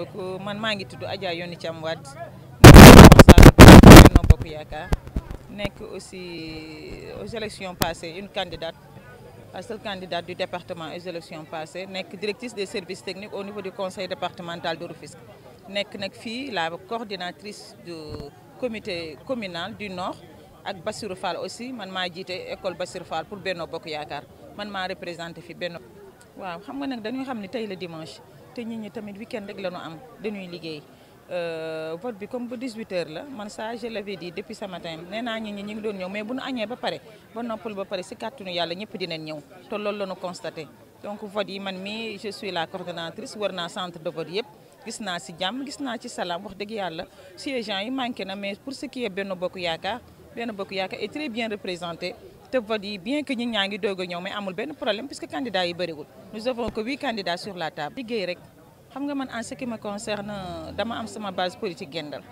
donc man maa ngi tudd Adja Yoni Thiam nekk aussi euh, aux élections passées une candidate la seule candidate du département aux élections passées nekk directrice de service techniques au niveau du conseil départemental de Rufisque nekk nag fii la coordinatrice du comité communal du nord ak Bassirou Fall aussi man maa jiite école Bassirou Fall pour Benno Bokk Yaakaar man maa représenté fi Benno waaw xam nga nag dañuy xam ne tey la dimanche te nit ñi tamit weekend rek la ñu am dañuy liggéey euh, vote bi comme ba 18 la man ça je l'avais dit depuis ce matin nee naa ñi ñu ngi doon ñëw mais bu ñu añee ba pare ba noppal ba pare si kàttanu yàlla ñëpp dinañ ñëw te loolu la ñu constaté donc vote yi man mii je suis la coordonnatrice war naa centre de vote yëpp gis naa si jàmm gis naa ci salaam wax dëgg yàlla siégeants yi manqué na mais pour ce qui est Benno Bokk Yaakaar benn Bokk Yaakaar est très bien représenté te vote yi bien que ñi ñaa ngi doog a ñëw mais amul benn problème puisque candidat yi bëriwul nous avons que huit candidats sur la table liggéey rek xam nga man en ce ma me concerne dama am sama base politique gendal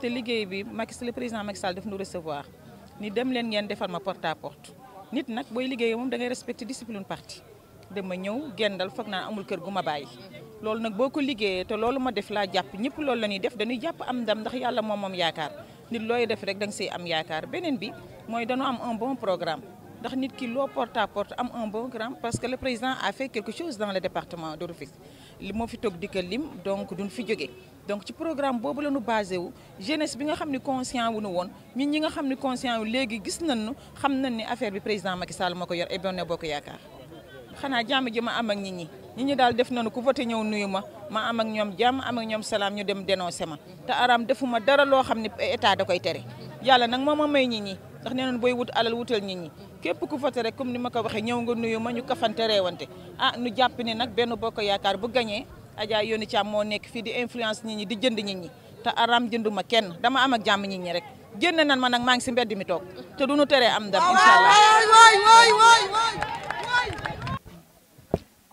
te liggéey bi Macky Sall le président Macky Sall daf nu recevoir ni dem leen ngeen defal ma porte à porte nit nag booy liggéey moom da ngay respecté discipline parti dama ñëw gendal foog naa amul kër gu ma bàyyi loolu nag boo ko liggéeye te loolu ma def laa jàpp ñëpp loolu la ñuy def dañuy jàpp am ndam ndax yàlla moom moom yaakaar nit looy def rek da nga siy am yaakaar beneen bi mooy dañoo am un bon programme ndax nit ki loo porte à porte am un bon programme parce que le président a fait quelque chose dans le département de Rufisque li moo fi toog dikk ko lim donc duñ fi jóge donc ci programme boobu la nu basé wu jeunesse bi nga xam ne conscient wu nu woon ñun ñi nga xam ne conscient wu léegi gis nañu xam nañ ni affaire bi président Macky Sall moo ko yor et Benno Bokk Yaakaar xanaa jàmm ji ma am ak nit ñi. ñi daal def nañu ku voté ñëw nuyu ma ma am ak ñoom jàmm am ak ñoom salaam ñu dem dénoncé ma araam aram defuma dara loo xam ne état da koy tere yàlla nag moo ma may nit ñi ndax nee nañ booy wut alal wutal nit ñi képp ku voté rek comme ni ma ko waxee ñëw nga nuyu ma ñu kafante reewante ah nu jàpp ne nag benn bokk yaakaar bu gañee Adja Yoni Thiam moo nekk fii di influence nit ñi di jënd nit ñi te aram jënduma kenn dama am ak jàmm nit ñi rek jënd nan ma nag maa ngi si mbedd mi toog te duñu teree am ndam incha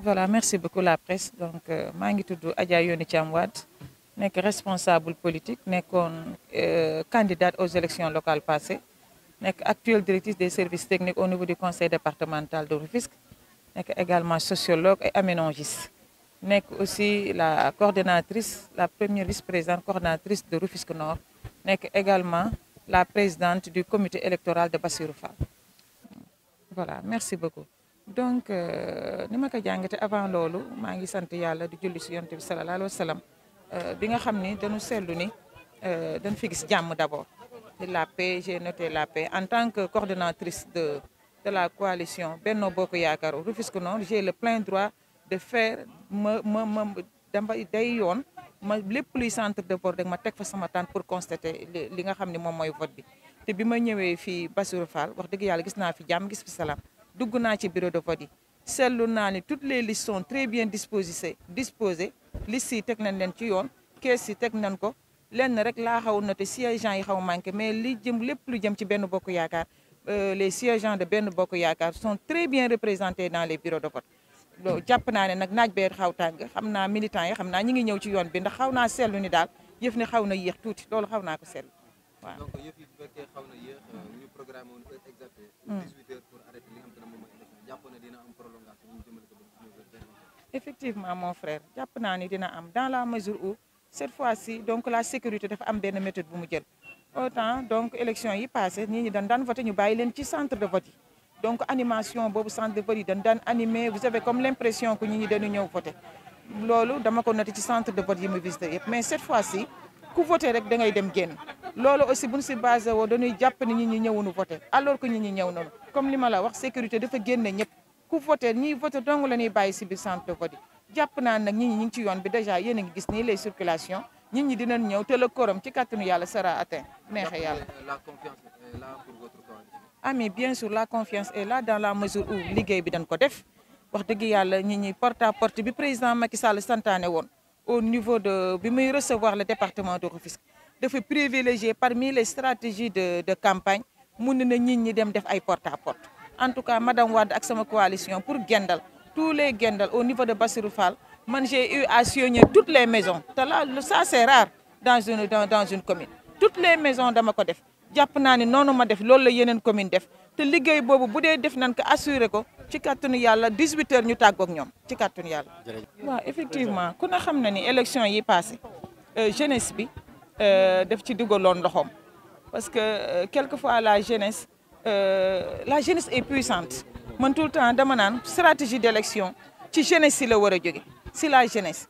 voilà merci beaucoup la presse donc euh, maa ngi tudd Adja Yoni Thiam Wade nekk responsable politique nekkoon euh, candidate aux élections locales passées nekk actuelle directrice des services techniques au niveau du conseil départemental de Rufisque nekk également sociologue et aménongiste nekk aussi la coordinatrice la première vice-présidente coordonnatrice de Rufisque Nord nekk également la présidente du comité électoral de Bassirou Fall voilà merci beaucoup donc euh, ni ma ko jàngate avant loolu maa ngi sant yàlla di julli si yonte bi salallaahu alayhi wa sallam euh, bi nga xam ni dañu seetlu ni euh, dañ fi gis jàmm d'abord te la paix j'ai la paix en tant que coordonnatrice de de la coalition Benno Bokk Yaakaar Rufisque Nord j'ai le plein droit de faire ma ma ma dama day yoon ma lépp luy centre de bord ma teg fa sama tànk pour constater li nga xam ni moom mooy vote bi te bi ma ñëwee fii Bassirou Fall wax dëgg yàlla gis naa fi jàmm gis fi salaam dugg naa ci bureau de vote yi seetlu naa ni toutes les listes sont très bien disposées disposées listes yi teg nañ leen ci yoon kees yi teg nañ ko lenn rek laa xaw na te siégeants yi xaw manqué mais li jëm lépp lu jëm ci benn bokk yaakaar euh, les siégeants de benn bokk yaakaar son très bien représentés dans les bureaux de vote loolu jàpp naa ne nag naaj bee xaw tàng xam naa militants yi xam naa ñi ngi ñëw ci yoon bi ndax xaw naa seetlu ni daal yëf ni xaw na yéex tuuti loolu xaw naa ko seetlu programme woon heure exacte hmm. na dina am prolongation ñu effectivement mon frère jàpp naa ni dina am dan la mesure où cette fois-ci donc la sécurité dafa am benn méthode bu mu jël autant donc élection yi passé ñii ñi dan daan voté ñu bàyyi leen ci centre de vote yi donc animation boobu centre de vote yi dañ daan animé vous avez comme l'impression que ñi ñi dañu ñëw voté loolu dama ko noté ci centre de vote yi mu visité yëpp mais cette fois-ci ku voté rek da ngay dem génn loolu aussi bu ñu si basé woo dañuy jàpp ne ñi ñi ñëwunu voté alors que ñi ñi ñëw nañu comme li ma la wax sécurité dafa génne ñëpp ku voté ñiy voté dong la ñuy bàyyi si biir centre de vote yi jàpp naa nag ñi ñi ñu ngi ci yoon bi déjà yéen ngi gis nii les circulations ñit ñi dinañ ñëw te le quorum ci kàttanu yàlla sera atteint neexee yàlla ah mais bien sûr la confiance est la dans la mesure où liggéey bi dañ ko def wax dëgg yàlla ñi ñi porte à porte bi président Macky Sall santaane woon au niveau de bi muy recevoir le département de Rufisque dafa privilégié parmi les stratégies de de campagne mun na nit ñi dem def ay porte à porte en tout cas madame Wade ak sama coalition pour gendal tous les gendal au niveau de Bassirou Fall man j'ai eu à sillonner toutes les maisons te là ça c'est rare dans une dans une commune toutes les maisons dama ko def jàpp naa ne noonu ma def loolu la yeneen commune def te liggéey boobu bu dee def nañ ko assuré ko ci kàttanu yàlla 18 heures ñu tàggoog ñoom ci kàttanu yàlla. effectivement ku na xam na ni élection yi passé euh, jeunesse bi euh, def ci dugaloon loxoom parce que quelque euh, quelquefois la jeunesse la jeunesse est puissante man tout temps dama naan stratégie d' ci jeunesse si la war a jóge si la jeunesse.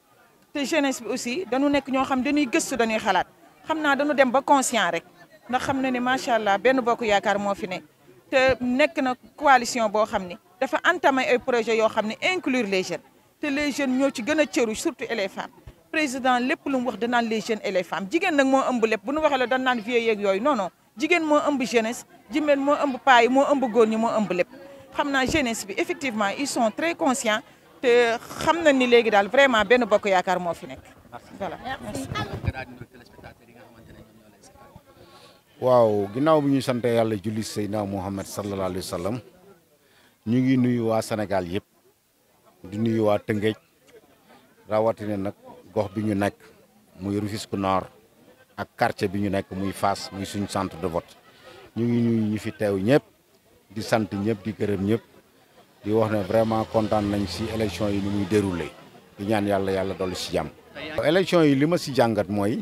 te jeunesse bi aussi dañu nekk ñoo xam dañuy gëstu dañuy xalaat xam naa dañu dem ba conscient rek. ndax xam na ne macha allah benn bokk yaakaar moo fi ne te nekk na coalition boo xam ni dafa entamé ay projet yoo xam ne inclure les jeunes te les jeunes ñoo ci gën a cëru surtout et les femmes président lépp lu mu wax danaan les jeunes et les femmes jigéen nag moo ëmb lépp bu nu waxee la dan naan vieux yeeg yooyu non non jigéen moo ëmb jeunesse jigéen moo ëmb paa yi moo ëmb góor ñi moo ëmb lépp xam naa jeunesse bi effectivement ils sont très conscients te xam na ni léegi daal vraiment benn bokk yaakaar moo fi nekk voilà merci waaw ginnaaw bi ñuy sante yàlla julli Seydina Muhammad sallallahu alayhi wa sallam ñu ngi nuyu waa Sénégal yëpp di nuyu waa Tëngéej rawatina nag gox bi ñu nekk muy Rufisque Nord ak quartier bi ñu nekk muy Fass muy suñ centre de vote ñu ngi nuyu ñu fi teew ñëpp di sant ñëpp di gërëm ñëpp di wax ne vraiment kontaan nañ si élection yi ni muy déroulé di ñaan yàlla yàlla dolli si jàmm. élection yi li si jàngat mooy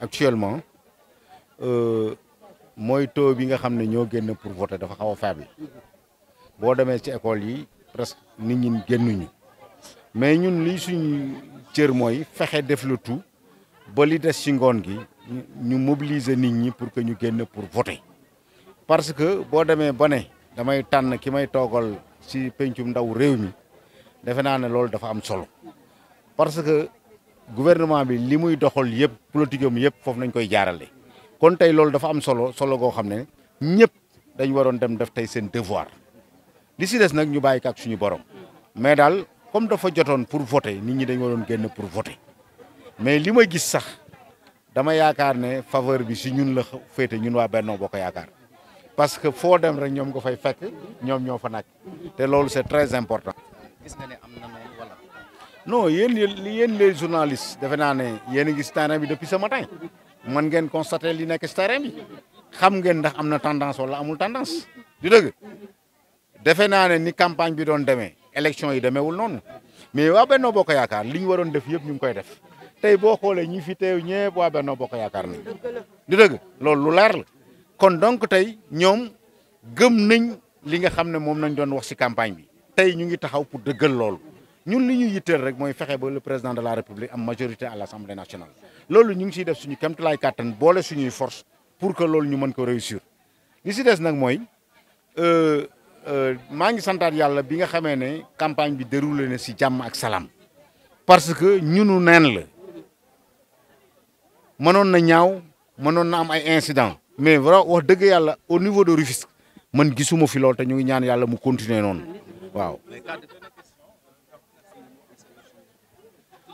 actuellement. Euh, mooy taux bi nga xam ne ñoo génn pour voter dafa xaw a boo demee ci école yi presque nit ñi génnuñu mais ñun li suñ cër mooy fexe def le tout ba li des ci ngoon gi ñu mobiliser nit ñi pour que ñu génn pour voter parce que boo demee ba ne damay tànn ki may toogal ci pencum ndaw réew mi defe naa ne loolu dafa am solo parce que gouvernement bi li muy doxal yëpp politique am yëpp foofu nañ koy jaarale kon tey loolu dafa am solo solo goo xam ne ñëpp dañ waroon dem def tey seen devoir li si des nag ñu bàyyi ko suñu borom mais daal comme dafa jotoon pour voter nit ñi dañ waroon génn pour voter mais li ma gis sax dama yaakaar ne faveur bi si ñun la féete ñun waa bennoo Benno ko Yaakaar parce que foo dem rek ñoom nga fay fekk ñoom ñoo fa nag te loolu c'est très important. gis nga ne am na noonu wala. non yéen yéen les journalistes defe naa ne yéen a gis terrain bi depuis ce matin. man ngeen constater li nekk si terrain bi xam ngeen ndax am na tendance wala amul tendance di dëgg defe naa ne ni campagne bi doon demee élection yi demeewul noonu mais waa Benno Bokk Yaakaar li ñu waroon def yëpp ñu ngi koy def tey boo xoolee ñi fi teew ñëpp waa Benno Bokk Yaakaar ni di dëgg loolu lu laar la kon donc tey ñoom gëm nañ li nga xam ne moom nañ doon wax si campagne bi tey ñu ngi taxaw pour dëggal loolu ñun li ñuy yitteel rek mooy fexe ba le président de la république am majorité à l' assemblée nationale loolu ñu ngi siy def suñu kéemtalaay kàttan boole suñuy force pour que loolu ñu mën ko réussir li si des nag mooy euh, euh, maa ngi santaat yàlla bi nga xamee ne campagne bi déroulé na si jàmm ak salaam parce que ñunu neen la mënoon na ñaaw noon na am ay incident mais vraiment wax dëgg yàlla au niveau de Rufisque man gisuma fi lool te ñu ngi ñaan yàlla mu continuer noonu waaw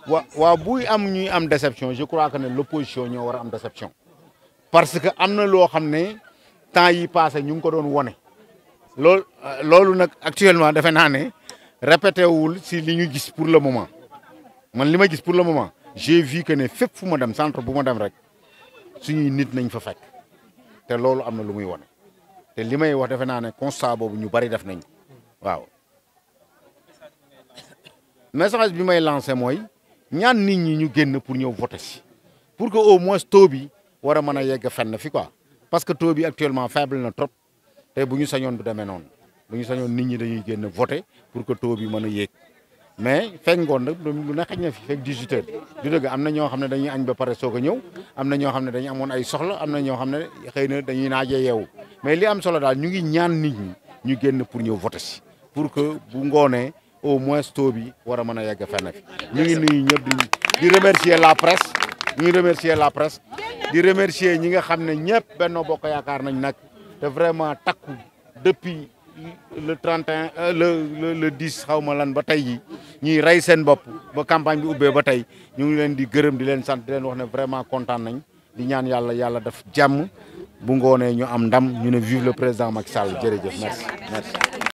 wa waaw buy am ñuy am déception je crois que ne l'opposition ñoo war a am déception parce que am na loo xam ne temps yi passé ñu ngi ko doon wone loolu loolu nag actuellement defe naa ne répété wul si li ñu gis pour le moment man li ma gis pour le moment j'ai vu que ne fépp fu ma dem centre bu ma dem rek suñuy nit nañ fa fekk te loolu am na lu muy wone te li may wax defe naa ne constat boobu ñu bari def nañ waaw message bi may lancé mooy ñaan nit ñi ñu génn pour ñëw voter si pour que au moins taux bi war a mën a yegg fenn fi quoi parce que taux bi actuellement faible na trop te bu ñu sañoon du demee noonu bu ñu sañoon nit ñi dañuy génn voter pour que taux bi mën a yéeg mais fekk ngoon nag lu na xëj na fi fekk 18 heures du dëgg am na ñoo xam ne dañuy añ ba pare soog a ñëw am na ñoo xam ne dañu amoon ay soxla am na ñoo xam ne xëy na dañuy naajee yeewu mais li am solo daal ñu ngi ñaan nit ñi ñu génn pour ñëw voter si pour que bu ngoonee au moins taux bi war a mën a yegg fenn fi ñu ngi nuyu ñëpp di di la presse ñu ngi remercier la presse di remercier ñi nga xam ne ñëpp Benno Bokk Yaakaar nañ nag te vraiment takku depuis le 31 euh, le le 10 xawma lan ba tey ji ñuy rey seen bopp ba campagne bi ubbee ba tey ñu ngi leen di gërëm di leen sant di leen wax ne vraiment kontaan nañ di ñaan yàlla yàlla def jàmm bu ngoonee ñu am ndam ñu ne vive le président Macky Sall jërëjëf merci merci